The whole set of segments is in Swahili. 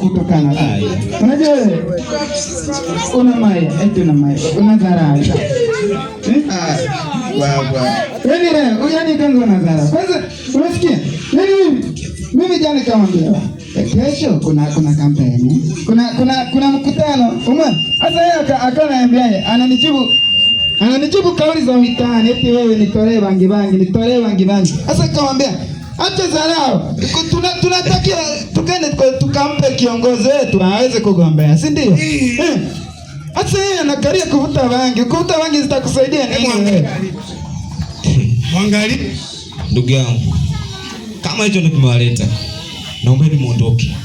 kutokana unajua, una maya eti una maya unadharau, eh? ah, yaani kanga yaani unadharau. Kwanza unasikia yaani mimi jana kamwambia eh, kesho kuna kuna kampeni kuna kuna kuna mkutano umwa hasa yeye akanaambiaye ananijibu ananijibu kauli za mitaani, eti wewe nitolee bangi bangi nitolee bangi bangi. Sasa kamwambia Acha zarao. Tunatakia eh, tukende tukampe kiongozi wetu aweze kugombea, si ndio? Eh. Acha yeye anakaria kuvuta bangi. Kuvuta bangi zitakusaidia nini wewe? Mwangali, ndugu yangu. Kama hicho ndio kimewaleta. ni muondoke.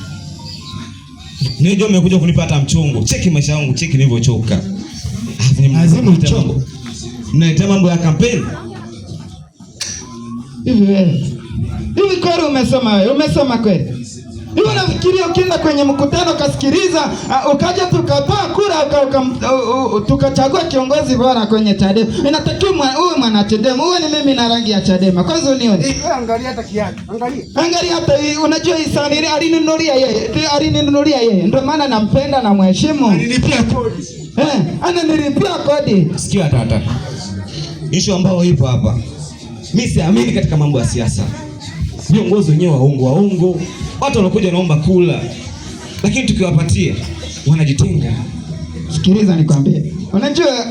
Nijo mmekuja kunipata mchongo. Cheki maisha yangu, cheki nilivyochoka. Lazima mchongo. Mnaleta mambo ya kampeni. Hivi wewe Hivi kweli umesoma wewe? Umesoma kweli? Hivi unafikiria ukienda kwenye mkutano ukasikiliza, uh, ukaja tukapaa kura uka, uka, uh, uh, tukachagua kiongozi bora kwenye Chadema. Inatakiwa mwa, uwe mwana Chadema, uwe ni mimi na rangi ya Chadema. Kwanza unione. Hey, eh, angalia hata kiatu. Angalia. Angalia hata hii. unajua hii hisani alininunulia yeye. Alininunulia yeye. Ndio maana nampenda na mheshimu. Alinilipia kodi. Eh, ananilipia kodi. Sikia tata. Issue ambayo ipo hapa. Mimi siamini katika mambo ya siasa viongozi wenyewe waongo waongo, watu wanakuja naomba kula, lakini tukiwapatia wanajitenga. Sikiliza nikwambie, unajua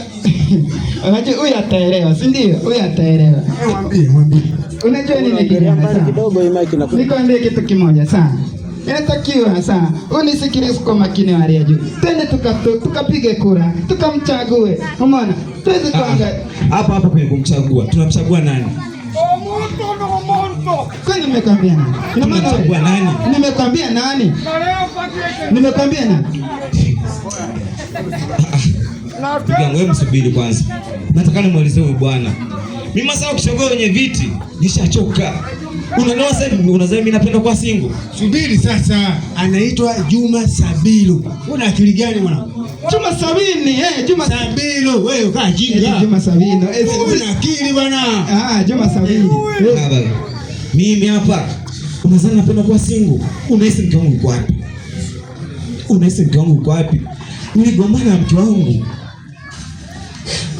unajua, huyu ataelewa, si ndio? Huyu ataelewa, mwambie mwambie. Unajua nini kidogo, nikwambie kitu kimoja sana inatakiwa sana unisikilize kwa makini, wale ya juu, twende tukapige kura tukamchague. Umeona, Tuwezi ah, ah. kuangalia hapa hapa kwenye kumchagua, tunamchagua nani? Kwani nimekwambia nani? Ina maana chagua nani? Nimekwambia nani? Nimekwambia nani? wewe msubiri kwanza. Nataka nimweleze huyu bwana. Mimi sasa ukishogoa kwenye viti, nishachoka. Unaelewa sasa hivi unazaa mimi napenda kwa single. Subiri sasa. Anaitwa Juma Sabilu. Una akili gani mwana? Juma Sabini, eh, Juma Sabilu. Wewe kaa jinga. Eh, Juma Sabini. Eh, una akili bwana. Ah, Juma Sabini. Baba. Mimi hapa unazani napenda kuwa single. Unahisi mke wangu uko wapi? Unahisi mke wangu uko wapi? Niligombana na mke wangu.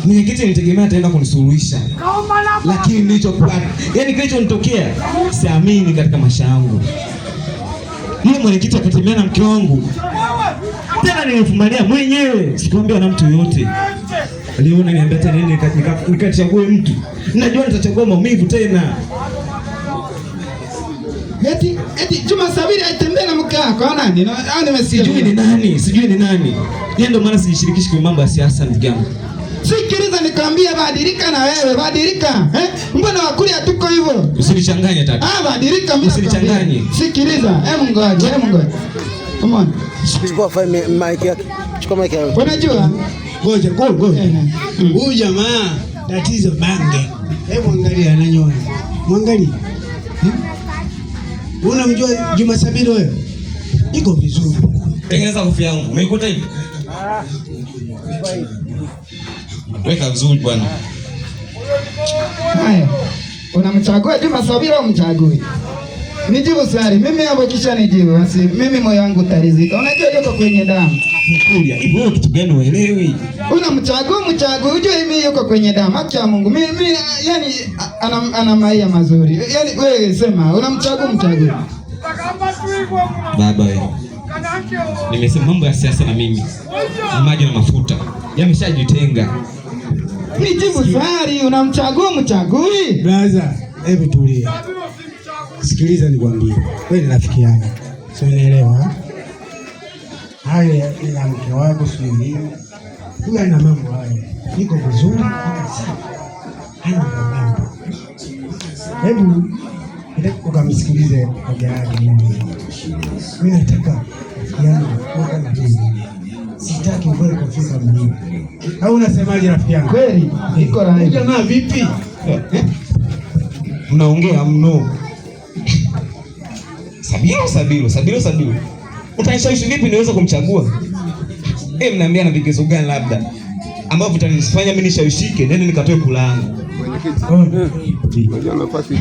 Mwenyekiti nitegemea ataenda kunisuluhisha. Lakini nilichopata, yani kilichonitokea siamini katika maisha yangu. Yule mwenyekiti akatemea na mke wangu. Tena nilifumalia mwenyewe, sikwambia na mtu yoyote. Aliona niambia tena nini, nikachague mtu. Najua nitachagua maumivu tena. Eti eti Juma Sabiri aitembea na mke wako au nani? Au nimesikia ni nani? Sijui ni nani. Yeye ndio maana sijishirikishi kwa mambo ya siasa ndugu yangu. Sikiliza nikwambie, badilika na wewe, badilika. Eh? Mbona wakulia tuko hivyo? Usinichanganye tata. Ah, badilika mimi. Usinichanganye. Sikiliza. Hebu ngoja, hebu ngoja. Come on. Chukua file mic yake. Chukua mic yake. Unajua? Ngoja, ngoja, ngoja. Eh, eh. Huyu jamaa tatizo bange. Hebu angalia ananyoa. Mwangalie. Eh? Unamjua Juma Sabini wewe? Iko vizuri. Tengeneza kofia yangu. Umeikuta hivi? Ah. Weka vizuri bwana. Haya. Unamchagua Juma Sabini au mchagui? Nijibu swali. Mimi hapo kisha nijibu. Basi mimi moyo wangu tarizika. Unajua yuko kwenye damu. Mkulia hivi wewe kitu gani uelewi? Unamchagua mchagua, unajua hivi yuko kwenye damaki ya Mungu. Mimi yani ana, ana mazuri. Yani wewe sema unamchagua mchagua. Baba wewe. Eh, nimesema mambo ya siasa na mimi. Maji na mafuta. Yameshajitenga. Ni jibu sari unamchagua mchagui. Brother, hebu tulia. Sikiliza nikwambie. Wewe ni rafiki yangu. Sio, unaelewa? haya ya mke wako si mimi, ila ina mambo haya, iko vizuri, haya mambo. Hebu ukamsikilize hoja Mimi nataka yangu sitaki uwe kufika mlima, au unasemaje rafiki yangu? Kweli iko na jamaa, vipi eh. mnaongea mno? Sabiru, sabiru, sabiru, sabiru. Utanishawishi vipi niweze kumchagua? Eh, mnaambia na vigezo gani labda ambavyo vitanifanya mimi nishawishike nende nikatoe kula yangu.